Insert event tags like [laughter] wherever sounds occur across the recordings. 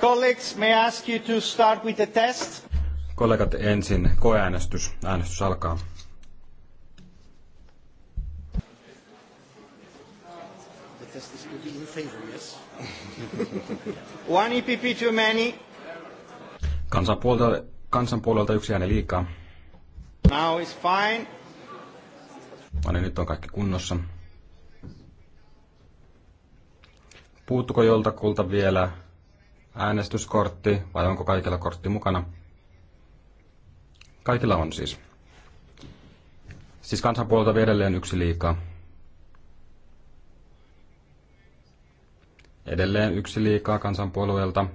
colleagues, may I ask you to start with the test? Kollegat, ensin koeäänestys. Äänestys alkaa. The test is favor, yes? [laughs] One EPP too many. Kansanpuolelta, kansanpuolelta yksi ääni liikaa. Now is fine. No nyt on kaikki kunnossa. Puuttuko joltakulta vielä äänestyskortti vai onko kaikilla kortti mukana? Kaikilla on siis. Siis kansanpuolelta edelleen yksi liikaa. Edelleen yksi liikaa kansanpuolueelta.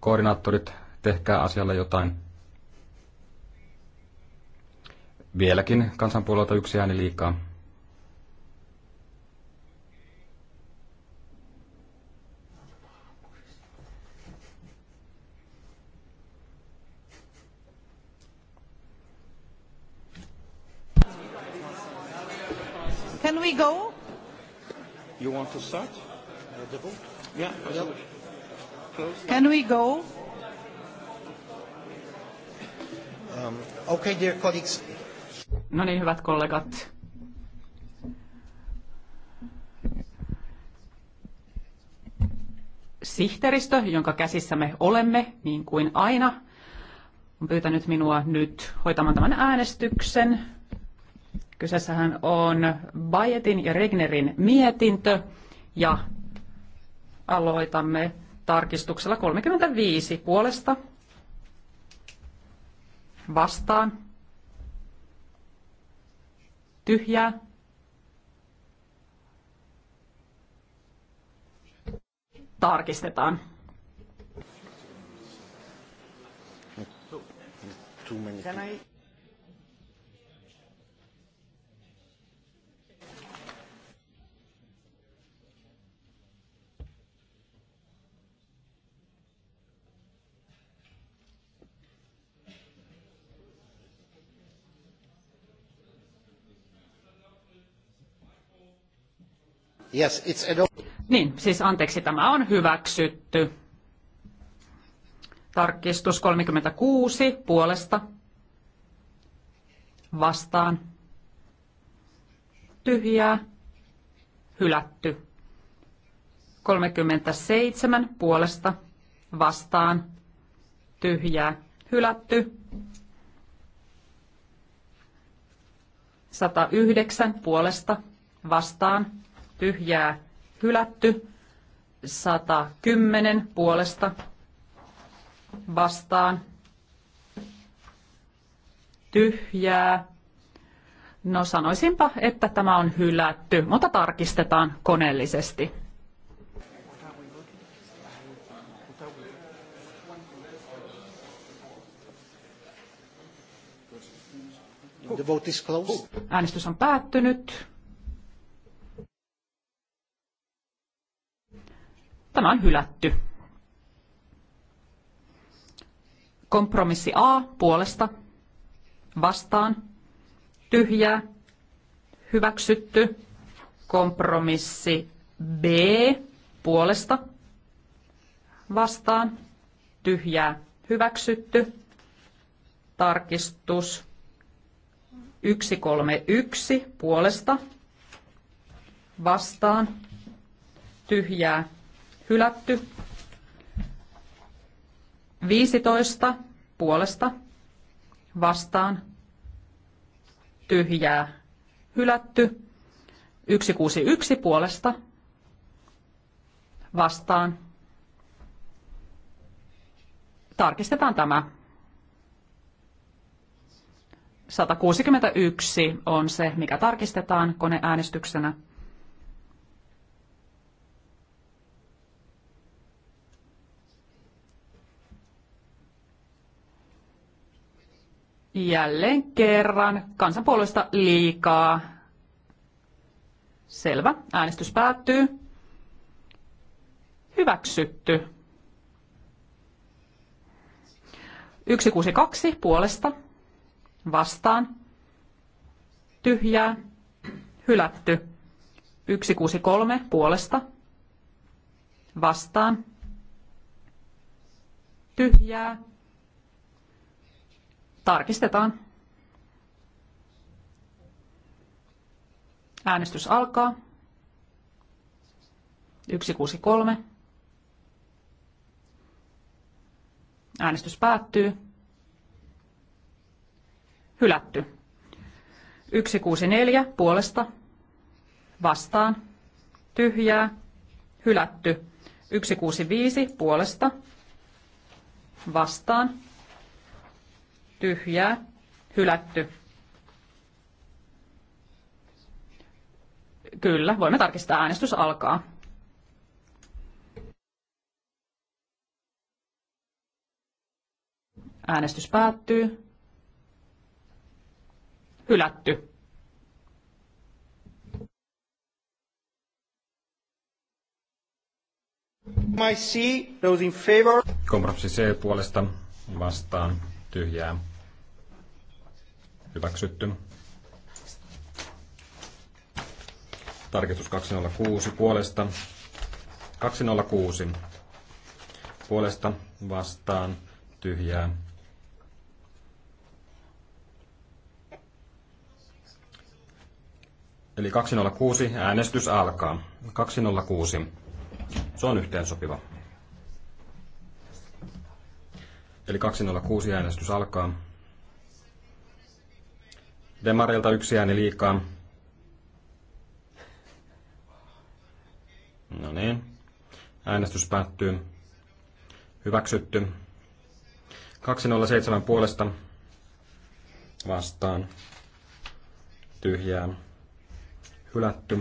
Koordinaattorit, tehkää asialle jotain. Vieläkin kansanpuolelta yksi ääni liikaa. Can we go? You want to start? the vote? Yeah. yeah. Close. Can we go? Um, okay, dear colleagues. No niin, hyvät kollegat. Sihteeristö, jonka käsissä me olemme, niin kuin aina, on pyytänyt minua nyt hoitamaan tämän äänestyksen. Kyseessähän on Bayetin ja Regnerin mietintö ja aloitamme tarkistuksella 35 puolesta vastaan tyhjää tarkistetaan. Can I Yes, it's Niin, siis anteeksi, tämä on hyväksytty. Tarkistus 36 puolesta vastaan. Tyhjää, hylätty. 37 puolesta vastaan. Tyhjää, hylätty. 109 puolesta vastaan tyhjää hylätty. 110 puolesta vastaan tyhjää. No sanoisinpa, että tämä on hylätty, mutta tarkistetaan koneellisesti. Äänestys on päättynyt. Tämä on hylätty. Kompromissi A puolesta vastaan tyhjää hyväksytty. Kompromissi B puolesta vastaan tyhjää hyväksytty. Tarkistus 131 puolesta vastaan tyhjää hylätty. 15 puolesta vastaan tyhjää hylätty. 161 puolesta vastaan. Tarkistetaan tämä. 161 on se, mikä tarkistetaan koneäänestyksenä. Jälleen kerran kansanpuolesta liikaa. Selvä. Äänestys päättyy. Hyväksytty. 162 puolesta. Vastaan. Tyhjää. Hylätty. 163 puolesta. Vastaan. Tyhjää Tarkistetaan. Äänestys alkaa. 163. Äänestys päättyy. Hylätty. 164 puolesta. Vastaan. Tyhjää. Hylätty. 165 puolesta. Vastaan tyhjää, hylätty. Kyllä, voimme tarkistaa. Äänestys alkaa. Äänestys päättyy. Hylätty. Kompromissi C puolesta vastaan tyhjää hyväksytty. Tarkistus 206 puolesta. 206 puolesta vastaan tyhjää. Eli 206 äänestys alkaa. 206. Se on yhteensopiva. sopiva. Eli 206 äänestys alkaa. Demarilta yksi ääni liikaa. No niin. Äänestys päättyy. Hyväksytty. 207 puolesta vastaan. Tyhjää. Hylätty.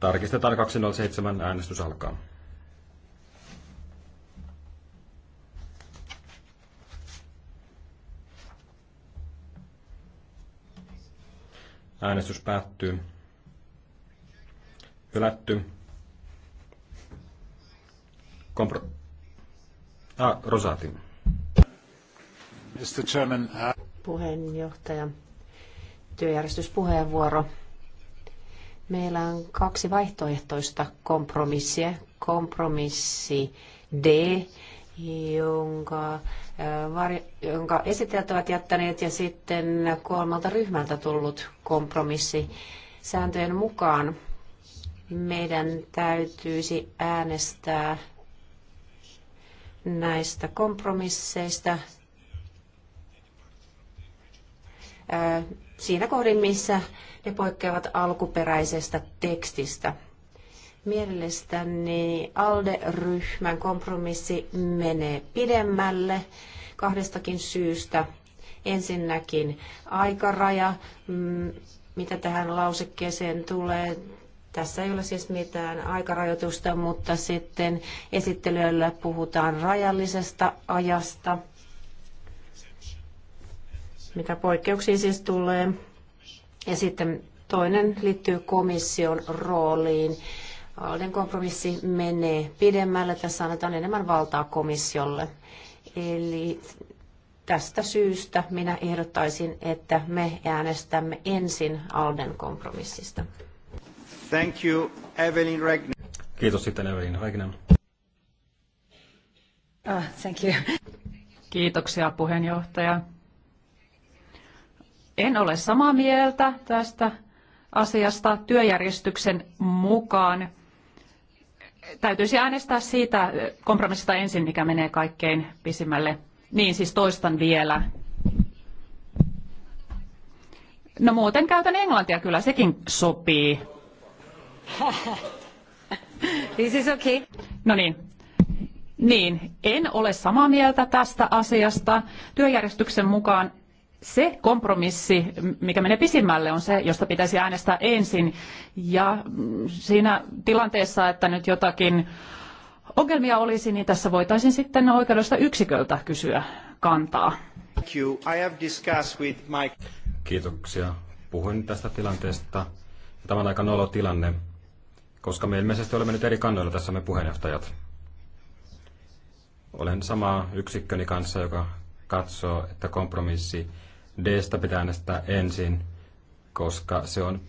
Tarkistetaan 207. Äänestys alkaa. Äänestys päättyy. Hylätty. Kompro... Ah, Rosati. Mr. Chairman, uh... Puheenjohtaja, työjärjestyspuheenvuoro. Meillä on kaksi vaihtoehtoista kompromissia. Kompromissi D, jonka, äh, jonka esittäjät ovat jättäneet ja sitten kolmalta ryhmältä tullut kompromissi sääntöjen mukaan. Meidän täytyisi äänestää näistä kompromisseista äh, siinä kohdin, missä ne poikkeavat alkuperäisestä tekstistä. Mielestäni ALDE-ryhmän kompromissi menee pidemmälle kahdestakin syystä. Ensinnäkin aikaraja, mm, mitä tähän lausekkeeseen tulee. Tässä ei ole siis mitään aikarajoitusta, mutta sitten esittelyllä puhutaan rajallisesta ajasta, mitä poikkeuksiin siis tulee. Ja sitten toinen liittyy komission rooliin Alden kompromissi menee pidemmälle. Tässä annetaan enemmän valtaa komissiolle. Eli tästä syystä minä ehdottaisin, että me äänestämme ensin Alden kompromissista. Thank you, Evelyn Regner. Kiitos sitten Evelyn Regner. Oh, thank you. Kiitoksia puheenjohtaja. En ole samaa mieltä tästä asiasta työjärjestyksen mukaan täytyisi äänestää siitä kompromissista ensin, mikä menee kaikkein pisimmälle. Niin siis toistan vielä. No muuten käytän englantia kyllä, sekin sopii. [laughs] This is okay. No niin. Niin, en ole samaa mieltä tästä asiasta. Työjärjestyksen mukaan se kompromissi, mikä menee pisimmälle, on se, josta pitäisi äänestää ensin. Ja mm, siinä tilanteessa, että nyt jotakin ongelmia olisi, niin tässä voitaisiin sitten oikeudellista yksiköltä kysyä kantaa. Kiitoksia. Puhuin tästä tilanteesta. Tämä on aika nolo tilanne, koska me ilmeisesti olemme nyt eri kannoilla tässä me puheenjohtajat. Olen samaa yksikköni kanssa, joka katsoo, että kompromissi d pitää äänestää ensin, koska se on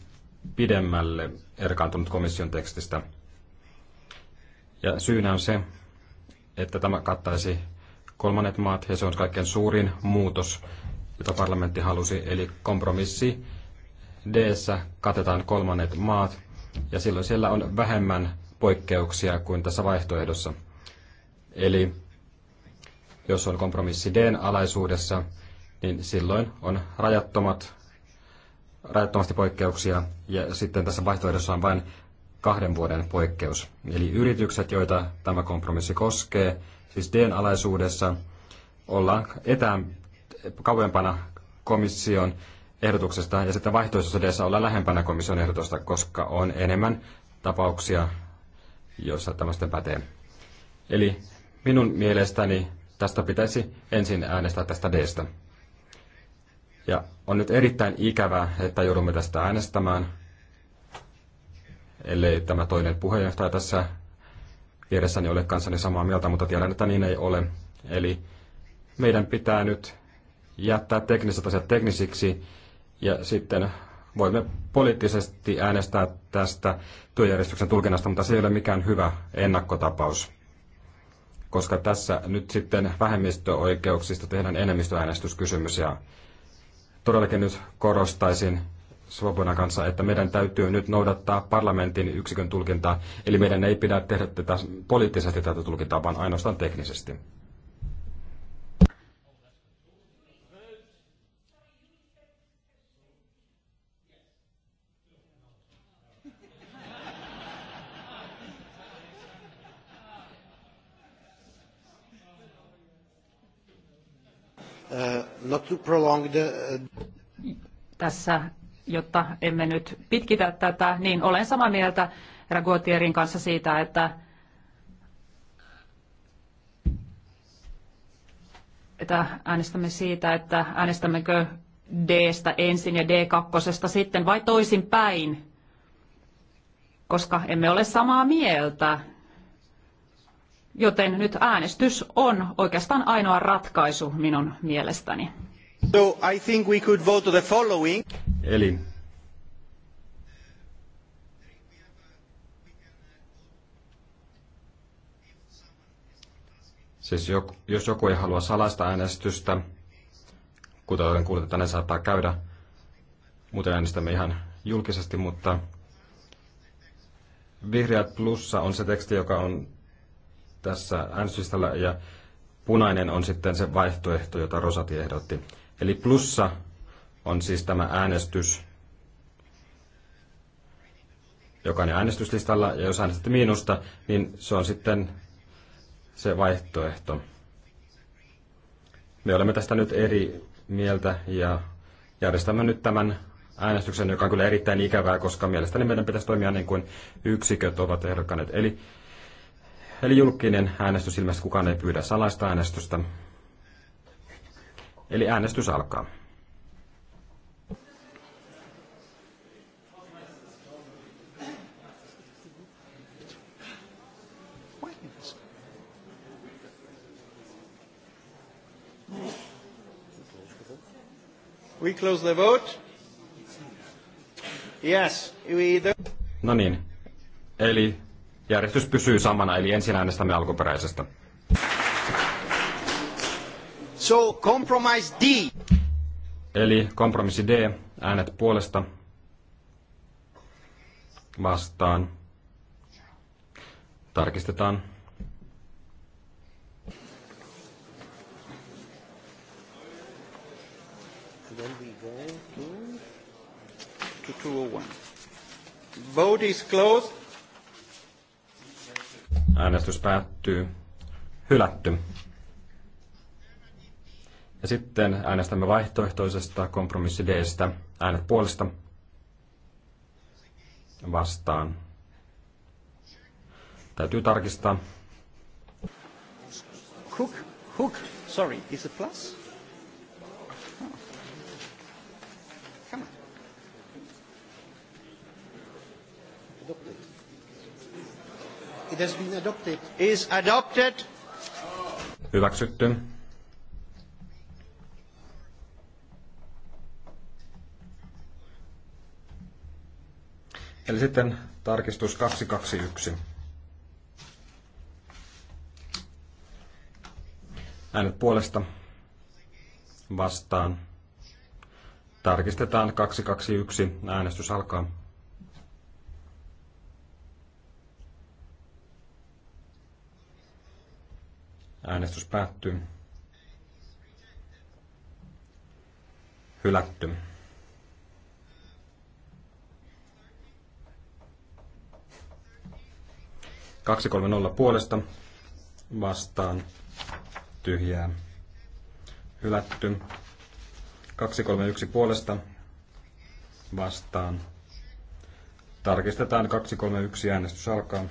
pidemmälle erkaantunut komission tekstistä. Ja syynä on se, että tämä kattaisi kolmannet maat, ja se on kaikkein suurin muutos, jota parlamentti halusi, eli kompromissi d katetaan kolmannet maat, ja silloin siellä on vähemmän poikkeuksia kuin tässä vaihtoehdossa. Eli jos on kompromissi Dn alaisuudessa, niin silloin on rajattomat, rajattomasti poikkeuksia ja sitten tässä vaihtoehdossa on vain kahden vuoden poikkeus. Eli yritykset, joita tämä kompromissi koskee, siis Dn alaisuudessa ollaan etään kauempana komission ehdotuksesta ja sitten vaihtoehtoisessa d olla lähempänä komission ehdotusta, koska on enemmän tapauksia, joissa tämmöisten pätee. Eli minun mielestäni Tästä pitäisi ensin äänestää tästä Dstä. Ja on nyt erittäin ikävää, että joudumme tästä äänestämään, ellei tämä toinen puheenjohtaja tässä vieressäni ole kanssani samaa mieltä, mutta tiedän, että niin ei ole. Eli meidän pitää nyt jättää tekniset asiat teknisiksi ja sitten voimme poliittisesti äänestää tästä työjärjestyksen tulkinnasta, mutta se ei ole mikään hyvä ennakkotapaus koska tässä nyt sitten vähemmistöoikeuksista tehdään enemmistöäänestyskysymys ja todellakin nyt korostaisin Svobodan kanssa, että meidän täytyy nyt noudattaa parlamentin yksikön tulkintaa, eli meidän ei pidä tehdä tätä poliittisesti tätä tulkintaa, vaan ainoastaan teknisesti. Uh, not to prolong the... Uh, Tässä, jotta emme nyt pitkitä tätä, niin olen samaa mieltä Raguotierin kanssa siitä, että että äänestämme siitä, että äänestämmekö d ensin ja D2 sitten vai toisin päin, koska emme ole samaa mieltä Joten nyt äänestys on oikeastaan ainoa ratkaisu minun mielestäni. So I think we could vote to the following. Eli Siis joku, jos joku ei halua salaista äänestystä, kuten olen kuullut, että ne saattaa käydä, muuten äänestämme ihan julkisesti, mutta Vihreät plussa on se teksti, joka on tässä äänestyslistalla ja punainen on sitten se vaihtoehto, jota Rosati ehdotti. Eli plussa on siis tämä äänestys, joka on äänestyslistalla, ja jos äänestätte miinusta, niin se on sitten se vaihtoehto. Me olemme tästä nyt eri mieltä ja järjestämme nyt tämän äänestyksen, joka on kyllä erittäin ikävää, koska mielestäni meidän pitäisi toimia niin kuin yksiköt ovat ehdokkaneet. Eli Eli julkinen äänestys ilmeisesti kukaan ei pyydä salaista äänestystä. Eli äänestys alkaa. We close the vote. Yes, we... No niin, eli järjestys pysyy samana, eli ensin äänestämme alkuperäisestä. So, compromise D. Eli kompromissi D, äänet puolesta, vastaan, tarkistetaan. Then we go to, to 201. Vote is closed. Äänestys päättyy. Hylätty. Ja sitten äänestämme vaihtoehtoisesta kompromissi Dstä. Äänet puolesta vastaan. Täytyy tarkistaa. Hook, hook, sorry, is a plus? It has been adopted. Is adopted. Hyväksytty. Eli sitten tarkistus 221. Äänet puolesta vastaan. Tarkistetaan 221. Äänestys alkaa. Äänestys päättyy. Hylätty. Kaksi kolme nolla puolesta vastaan tyhjää. Hylätty. yksi puolesta vastaan. Tarkistetaan 231 äänestys alkaa.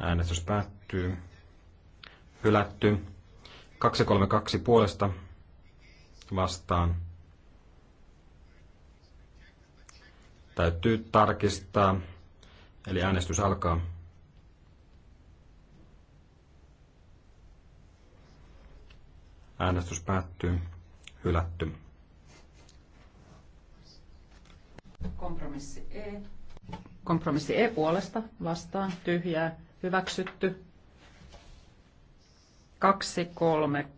Äänestys päättyy. Hylätty. 232 puolesta vastaan. Täytyy tarkistaa. Eli äänestys alkaa. Äänestys päättyy. Hylätty. Kompromissi E. Kompromissi E puolesta vastaan. Tyhjää hyväksytty.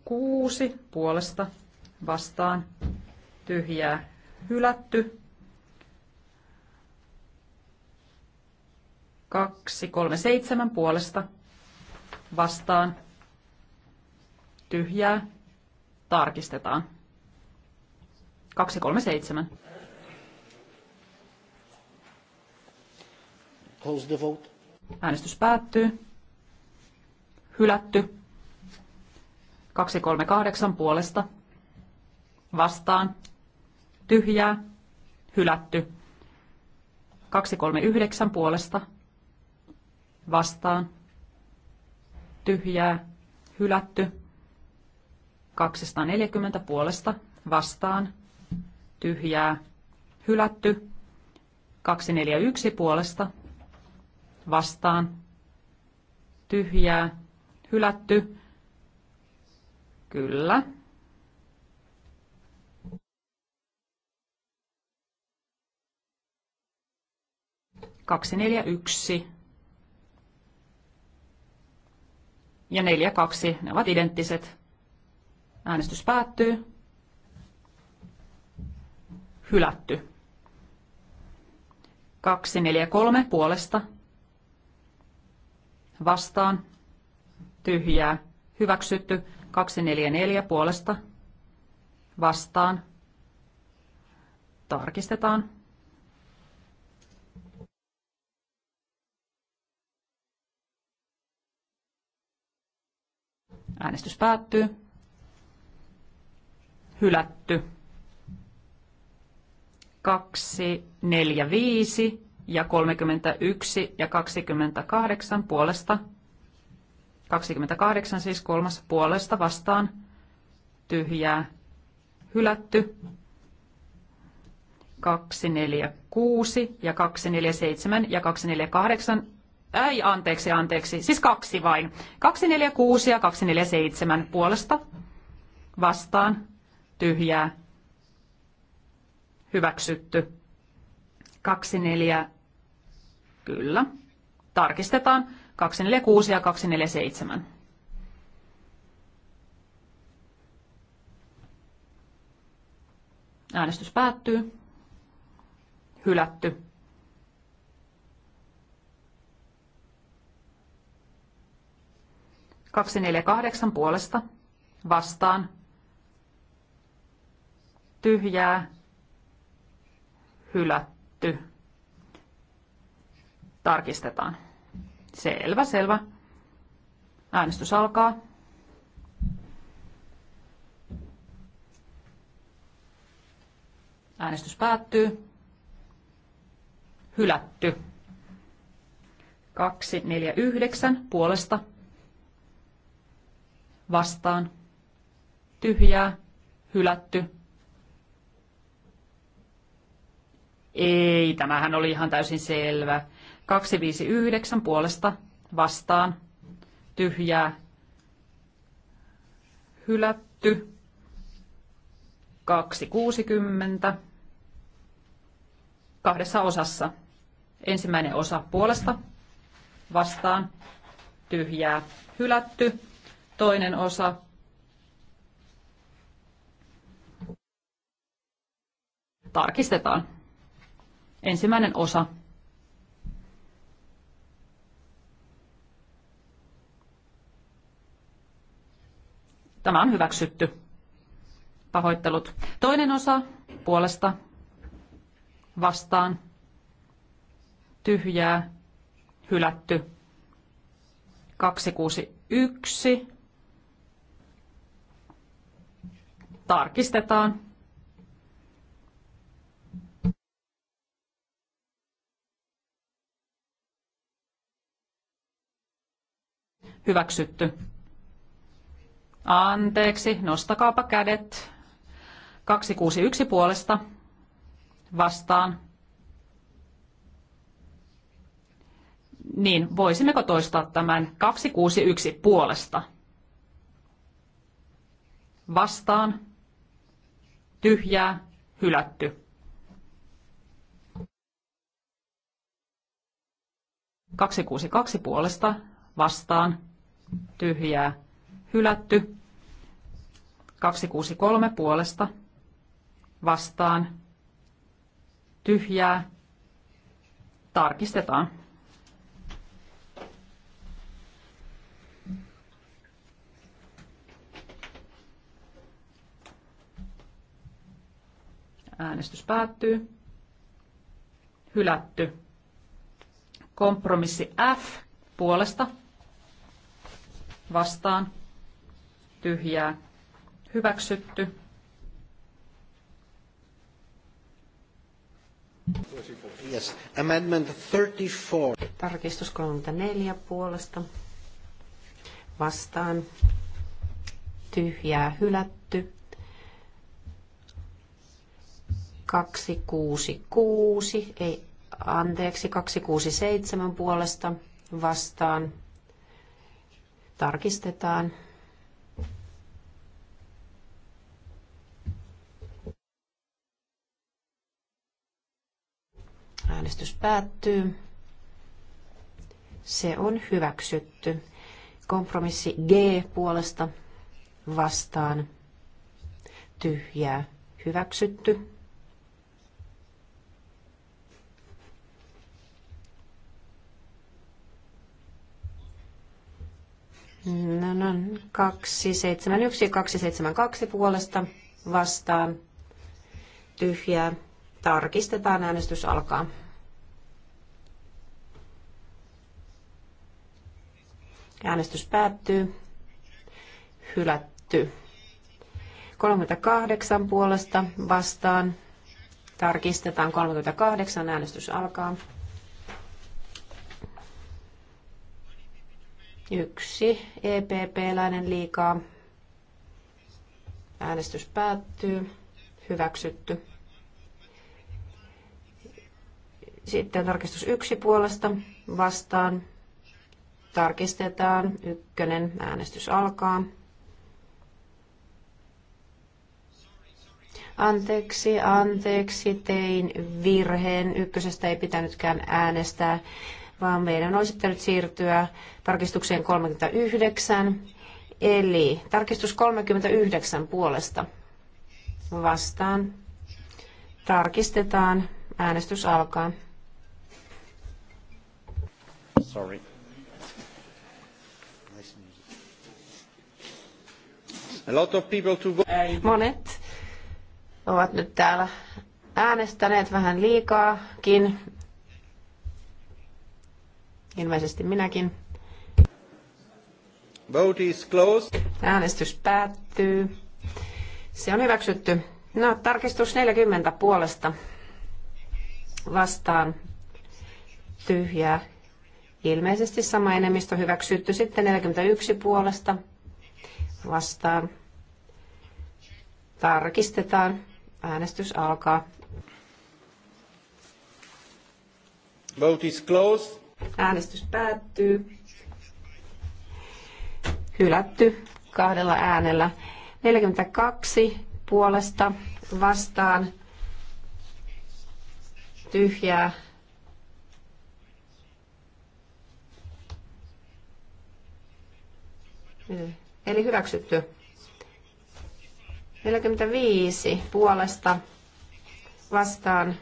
6 puolesta vastaan tyhjää hylätty. 7 puolesta vastaan tyhjää tarkistetaan. 7. Close the vote. Äänestys päättyy. Hylätty. 238 puolesta. Vastaan. Tyhjää. Hylätty. 239 puolesta. Vastaan. Tyhjää. Hylätty. 240 puolesta. Vastaan. Tyhjää. Hylätty. 241 puolesta vastaan, tyhjää, hylätty, kyllä. Kaksi, neljä, yksi. Ja neljä, kaksi. Ne ovat identtiset. Äänestys päättyy. Hylätty. kaksi neljä kolme puolesta vastaan, tyhjää, hyväksytty. 244 puolesta, vastaan, tarkistetaan. Äänestys päättyy. Hylätty. 2, 4, 5 ja 31 ja 28 puolesta. 28 siis kolmas puolesta vastaan tyhjää hylätty. 246 ja 247 ja 248. Ei, anteeksi, anteeksi. Siis kaksi vain. 246 ja 247 puolesta vastaan tyhjää hyväksytty. 248 Kyllä. Tarkistetaan 246 ja 247. Äänestys päättyy. Hylätty. Kaksi neljä kahdeksan puolesta. Vastaan. Tyhjää. Hylätty tarkistetaan. Selvä, selvä. Äänestys alkaa. Äänestys päättyy. Hylätty. 9 puolesta. Vastaan. Tyhjää. Hylätty. Ei, tämähän oli ihan täysin selvä. 259 puolesta vastaan tyhjää hylätty 260 kahdessa osassa. Ensimmäinen osa puolesta vastaan tyhjää hylätty. Toinen osa tarkistetaan. Ensimmäinen osa Tämä on hyväksytty. Pahoittelut. Toinen osa puolesta vastaan tyhjää hylätty. 261 tarkistetaan. Hyväksytty. Anteeksi, nostakaapa kädet. 261 puolesta vastaan. Niin, voisimmeko toistaa tämän 261 puolesta? Vastaan. Tyhjää. Hylätty. Kaksi kuusi kaksi puolesta. Vastaan. Tyhjää hylätty. 263 puolesta vastaan tyhjää tarkistetaan. Äänestys päättyy. Hylätty. Kompromissi F puolesta vastaan tyhjää hyväksytty. Yes. Amendment 34. Tarkistus 34 puolesta. Vastaan. Tyhjää hylätty. 266, ei anteeksi, 267 puolesta vastaan. Tarkistetaan. Äänestys päättyy. Se on hyväksytty. Kompromissi G puolesta vastaan tyhjää hyväksytty. No, no, 271 ja 272 puolesta vastaan. Tyhjää. Tarkistetaan. Äänestys alkaa. Äänestys päättyy. Hylätty. 38 puolesta vastaan. Tarkistetaan 38. Äänestys alkaa. Yksi EPP-läinen liikaa. Äänestys päättyy. Hyväksytty. Sitten tarkistus yksi puolesta vastaan. Tarkistetaan. Ykkönen. Äänestys alkaa. Anteeksi, anteeksi, tein virheen. Ykkösestä ei pitänytkään äänestää, vaan meidän olisi pitänyt siirtyä tarkistukseen 39. Eli tarkistus 39 puolesta vastaan. Tarkistetaan. Äänestys alkaa. Sorry. Monet ovat nyt täällä äänestäneet vähän liikaakin. Ilmeisesti minäkin. Vote is closed. Äänestys päättyy. Se on hyväksytty. No, tarkistus 40 puolesta vastaan tyhjää. Ilmeisesti sama enemmistö hyväksytty. Sitten 41 puolesta vastaan Tarkistetaan. Äänestys alkaa. Vote is closed. Äänestys päättyy. Hylätty kahdella äänellä. 42 puolesta vastaan tyhjää. Eli hyväksytty. 45 puolesta vastaan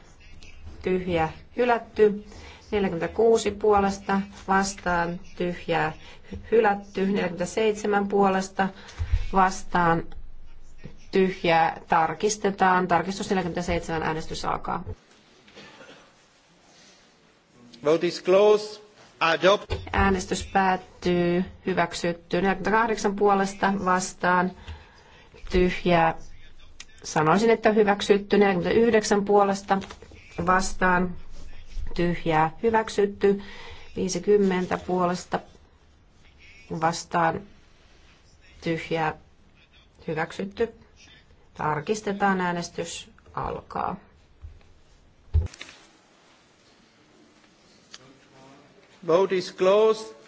tyhjä hylätty. 46 puolesta vastaan tyhjää hylätty. 47 puolesta vastaan tyhjää tarkistetaan. Tarkistus 47 äänestys alkaa. Vote is close, Adopt. Äänestys päättyy. Hyväksytty. 48 puolesta vastaan tyhjää. Sanoisin, että hyväksytty 49 puolesta vastaan tyhjää. Hyväksytty 50 puolesta vastaan tyhjää. Hyväksytty. Tarkistetaan äänestys alkaa. Vote is closed.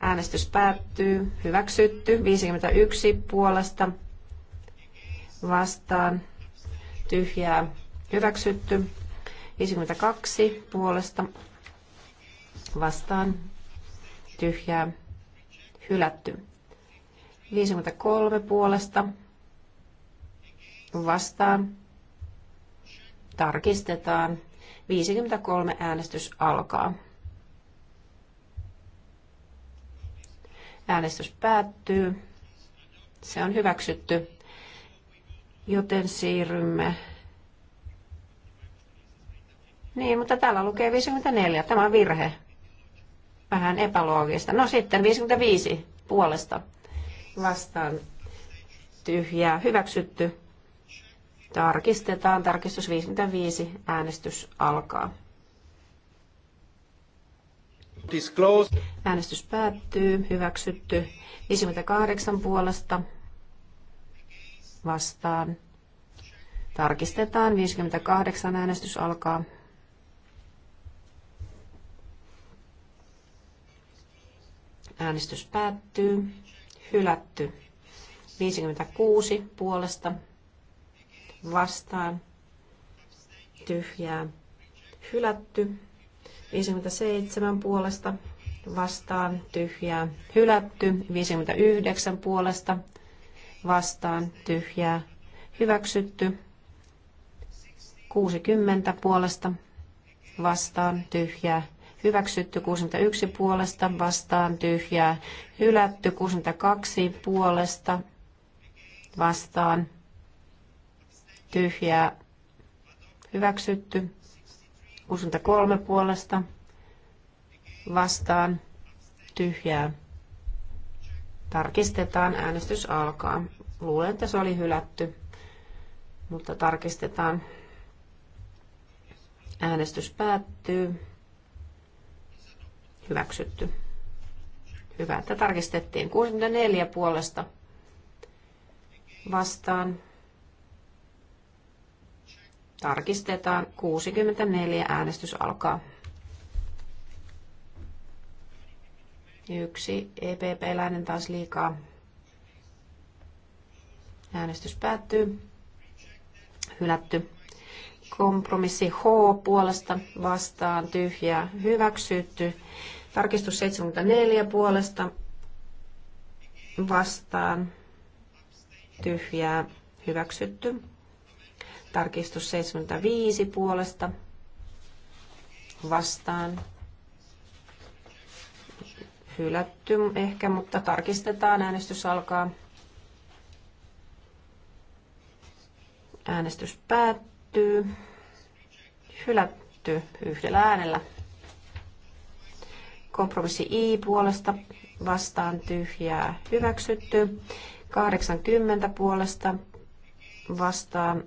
Äänestys päättyy. Hyväksytty. 51 puolesta vastaan. Tyhjää. Hyväksytty. 52 puolesta vastaan. Tyhjää. Hylätty. 53 puolesta vastaan. Tarkistetaan. 53 äänestys alkaa. Äänestys päättyy. Se on hyväksytty. Joten siirrymme. Niin, mutta täällä lukee 54. Tämä on virhe. Vähän epäloogista. No sitten 55 puolesta vastaan tyhjää hyväksytty. Tarkistetaan. Tarkistus 55. Äänestys alkaa. Disclose. Äänestys päättyy. Hyväksytty. 58 puolesta vastaan. Tarkistetaan. 58 äänestys alkaa. Äänestys päättyy. Hylätty. 56 puolesta vastaan. Tyhjää. Hylätty. 57 puolesta vastaan tyhjää hylätty. 59 puolesta vastaan tyhjää hyväksytty. 60 puolesta vastaan tyhjää hyväksytty 61 puolesta, vastaan tyhjää, hylätty 62 puolesta, vastaan tyhjää, hyväksytty 63 puolesta vastaan tyhjää. Tarkistetaan, äänestys alkaa. Luulen, että se oli hylätty, mutta tarkistetaan. Äänestys päättyy. Hyväksytty. Hyvä, että tarkistettiin. 64 puolesta vastaan Tarkistetaan. 64 äänestys alkaa. Yksi EPP-läinen taas liikaa. Äänestys päättyy. Hylätty. Kompromissi H puolesta vastaan tyhjää hyväksytty. Tarkistus 74 puolesta vastaan tyhjää hyväksytty. Tarkistus 75 puolesta vastaan. Hylätty ehkä, mutta tarkistetaan. Äänestys alkaa. Äänestys päättyy. Hylätty yhdellä äänellä. Kompromissi I puolesta vastaan tyhjää hyväksytty. 80 puolesta vastaan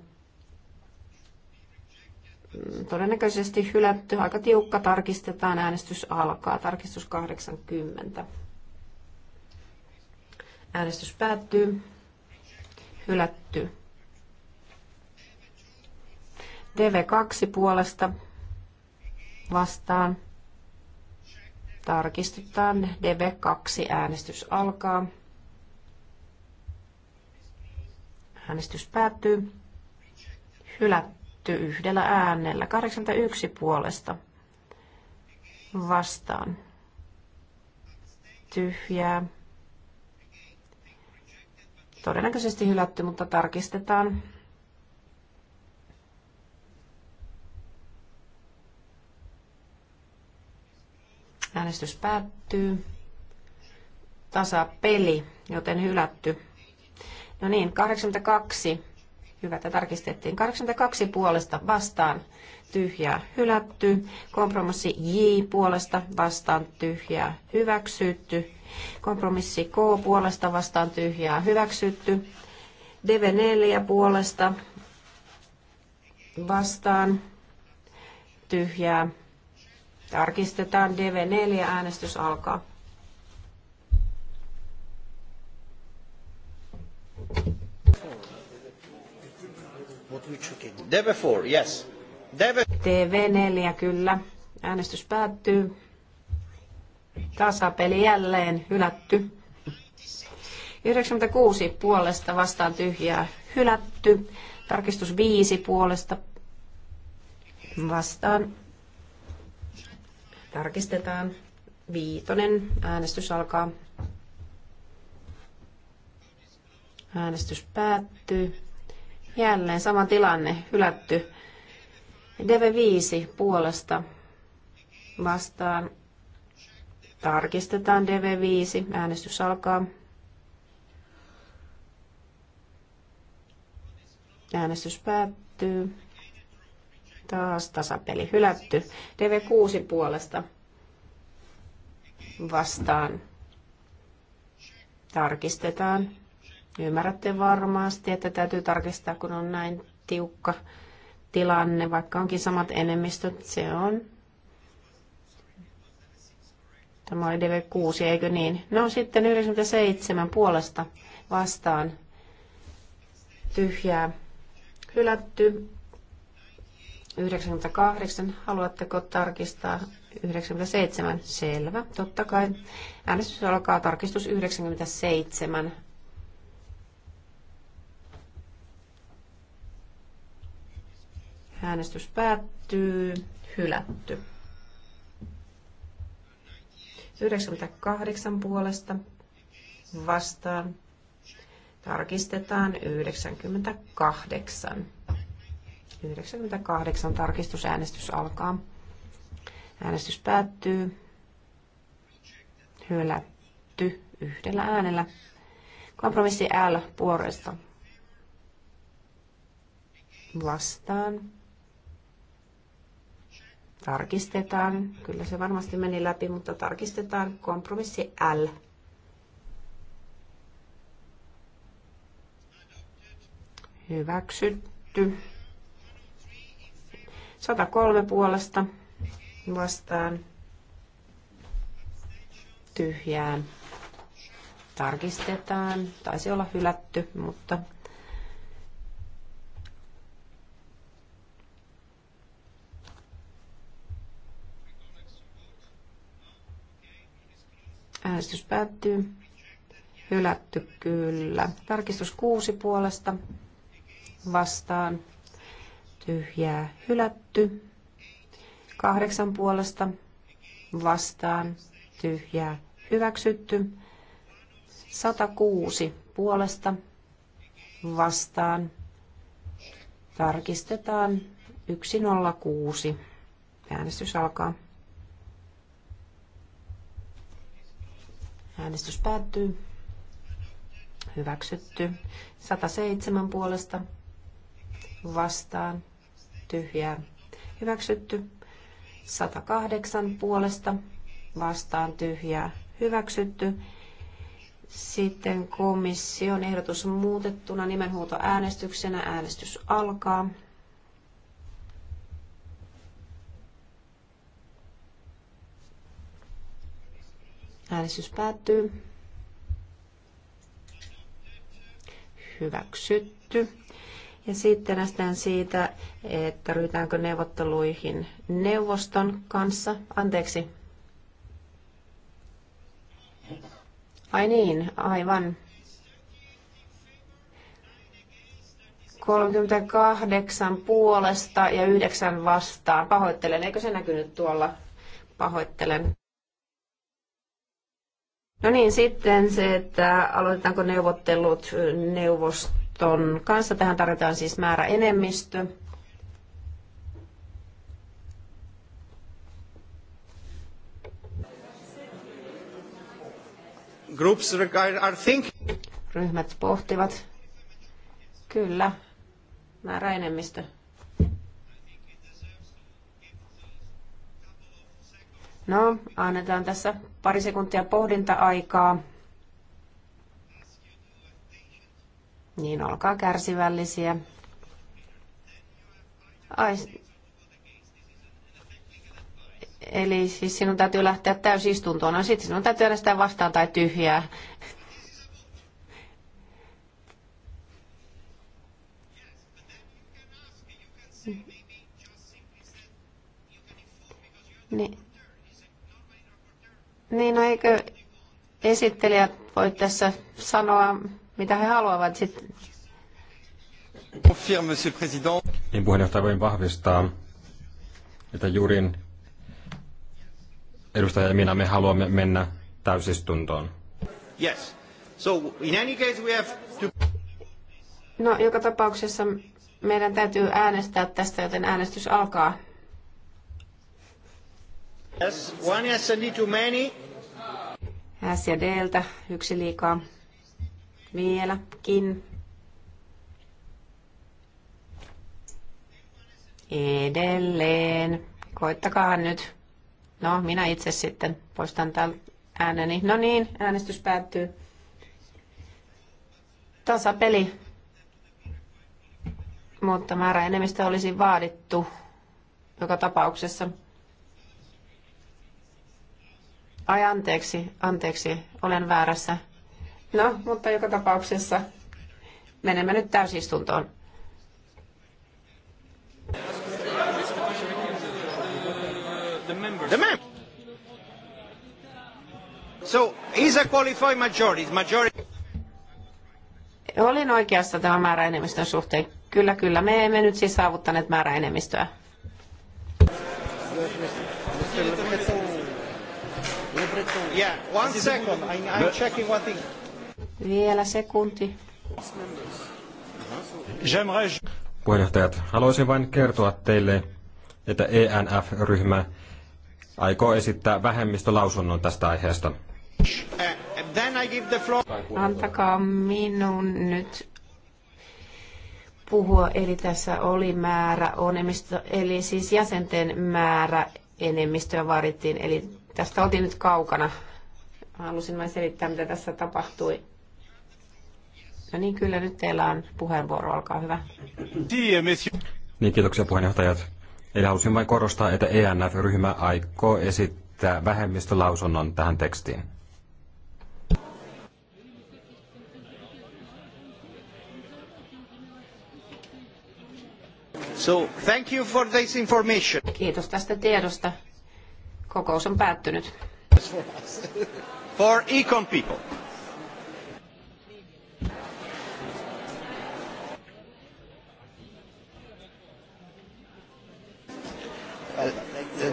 todennäköisesti hylätty. Aika tiukka tarkistetaan. Äänestys alkaa. Tarkistus 80. Äänestys päättyy. Hylätty. TV2 puolesta vastaan. Tarkistetaan. DV2 äänestys alkaa. Äänestys päättyy. Hylätty hylätty yhdellä äänellä. 81 puolesta vastaan. Tyhjää. Todennäköisesti hylätty, mutta tarkistetaan. Äänestys päättyy. Tasapeli, joten hylätty. No niin, 82 Hyvä, että tarkistettiin. 82 puolesta vastaan tyhjää hylätty. Kompromissi J puolesta vastaan tyhjää hyväksytty. Kompromissi K puolesta vastaan tyhjää hyväksytty. DV4 puolesta vastaan tyhjää. Tarkistetaan DV4, äänestys alkaa. what 4, yes. Deve... TV4, kyllä. Äänestys päättyy. Tasapeli jälleen hylätty. 96 puolesta vastaan tyhjää hylätty. Tarkistus 5 puolesta vastaan. Tarkistetaan. Viitonen. Äänestys alkaa. Äänestys päättyy. Jälleen sama tilanne, hylätty. DV5 puolesta vastaan. Tarkistetaan DV5. Äänestys alkaa. Äänestys päättyy. Taas tasapeli hylätty. DV6 puolesta vastaan. Tarkistetaan. Ymmärrätte varmasti, että täytyy tarkistaa, kun on näin tiukka tilanne, vaikka onkin samat enemmistöt, se on. Tämä oli DV6, eikö niin? No sitten 97 puolesta vastaan tyhjää hylätty. 98, haluatteko tarkistaa 97? Selvä, totta kai. Äänestys alkaa tarkistus 97. Äänestys päättyy. Hylätty. 98 puolesta vastaan. Tarkistetaan 98. 98 tarkistusäänestys alkaa. Äänestys päättyy. Hylätty yhdellä äänellä. Kompromissi L puolesta vastaan. Tarkistetaan. Kyllä se varmasti meni läpi, mutta tarkistetaan. Kompromissi L. Hyväksytty. 103 puolesta vastaan tyhjään. Tarkistetaan. Taisi olla hylätty, mutta Äänestys päättyy. Hylätty kyllä. Tarkistus kuusi puolesta vastaan. Tyhjää hylätty. Kahdeksan puolesta vastaan. Tyhjää hyväksytty. 106 puolesta vastaan. Tarkistetaan 106. Äänestys alkaa. Äänestys päättyy. Hyväksytty. 107 puolesta vastaan. Tyhjää. Hyväksytty. 108 puolesta vastaan. Tyhjää. Hyväksytty. Sitten komission ehdotus muutettuna nimenhuuto äänestyksenä. Äänestys alkaa. Äänestys päättyy. Hyväksytty. Ja sitten lähdetään siitä, että ryhdytäänkö neuvotteluihin neuvoston kanssa. Anteeksi. Ai niin, aivan. 38 puolesta ja 9 vastaan. Pahoittelen, eikö se näkynyt tuolla? Pahoittelen. No niin, sitten se, että aloitetaanko neuvottelut neuvoston kanssa. Tähän tarvitaan siis määrä enemmistö. Groups are thinking. Ryhmät pohtivat. Kyllä, määrä enemmistö. No, annetaan tässä pari sekuntia pohdinta-aikaa. Niin, olkaa kärsivällisiä. Ai, eli siis sinun täytyy lähteä täysistuntoon. No sitten sinun täytyy äänestää vastaan tai tyhjää. Niin. Niin no eikö esittelijät voi tässä sanoa, mitä he haluavat sitten? Confirm, monsieur président. Niin puheenjohtaja voin vahvistaa, että juurin edustaja ja minä me haluamme mennä täysistuntoon. Yes. So in any case we have to... No joka tapauksessa meidän täytyy äänestää tästä, joten äänestys alkaa. S ja Dltä yksi liikaa. Vieläkin. Edelleen. Koittakaa nyt. No, minä itse sitten poistan täältä ääneni. No niin, äänestys päättyy. Tasapeli. Mutta määrä enemmistö olisi vaadittu joka tapauksessa. Ai anteeksi, anteeksi, olen väärässä. No, mutta joka tapauksessa menemme nyt täysistuntoon. The mem- so, is a qualified majority. majority. Olin oikeassa tämän määräenemmistön suhteen. Kyllä, kyllä. Me emme nyt siis saavuttaneet määräenemmistöä. Yeah, one second. I'm, checking one thing. Vielä sekunti. Puheenjohtajat, haluaisin vain kertoa teille, että ENF-ryhmä aikoo esittää vähemmistölausunnon tästä aiheesta. Uh, Antakaa minun nyt puhua, eli tässä oli määrä enemmistö, eli siis jäsenten määrä enemmistöä varittiin, eli Tästä oltiin nyt kaukana. Halusin vain selittää, mitä tässä tapahtui. No niin, kyllä nyt teillä on puheenvuoro, olkaa hyvä. Niin, kiitoksia puheenjohtajat. Eli halusin vain korostaa, että ENF-ryhmä aikoo esittää vähemmistölausunnon tähän tekstiin. So, thank you for this information. Kiitos tästä tiedosta. Kokous on päättynyt. For Econ people.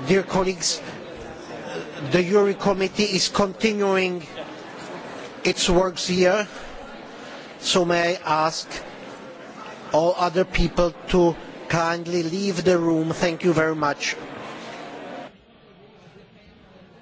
dear colleagues, the Jury Committee is continuing its works here, so may I ask all other people to kindly leave the room. Thank you very much.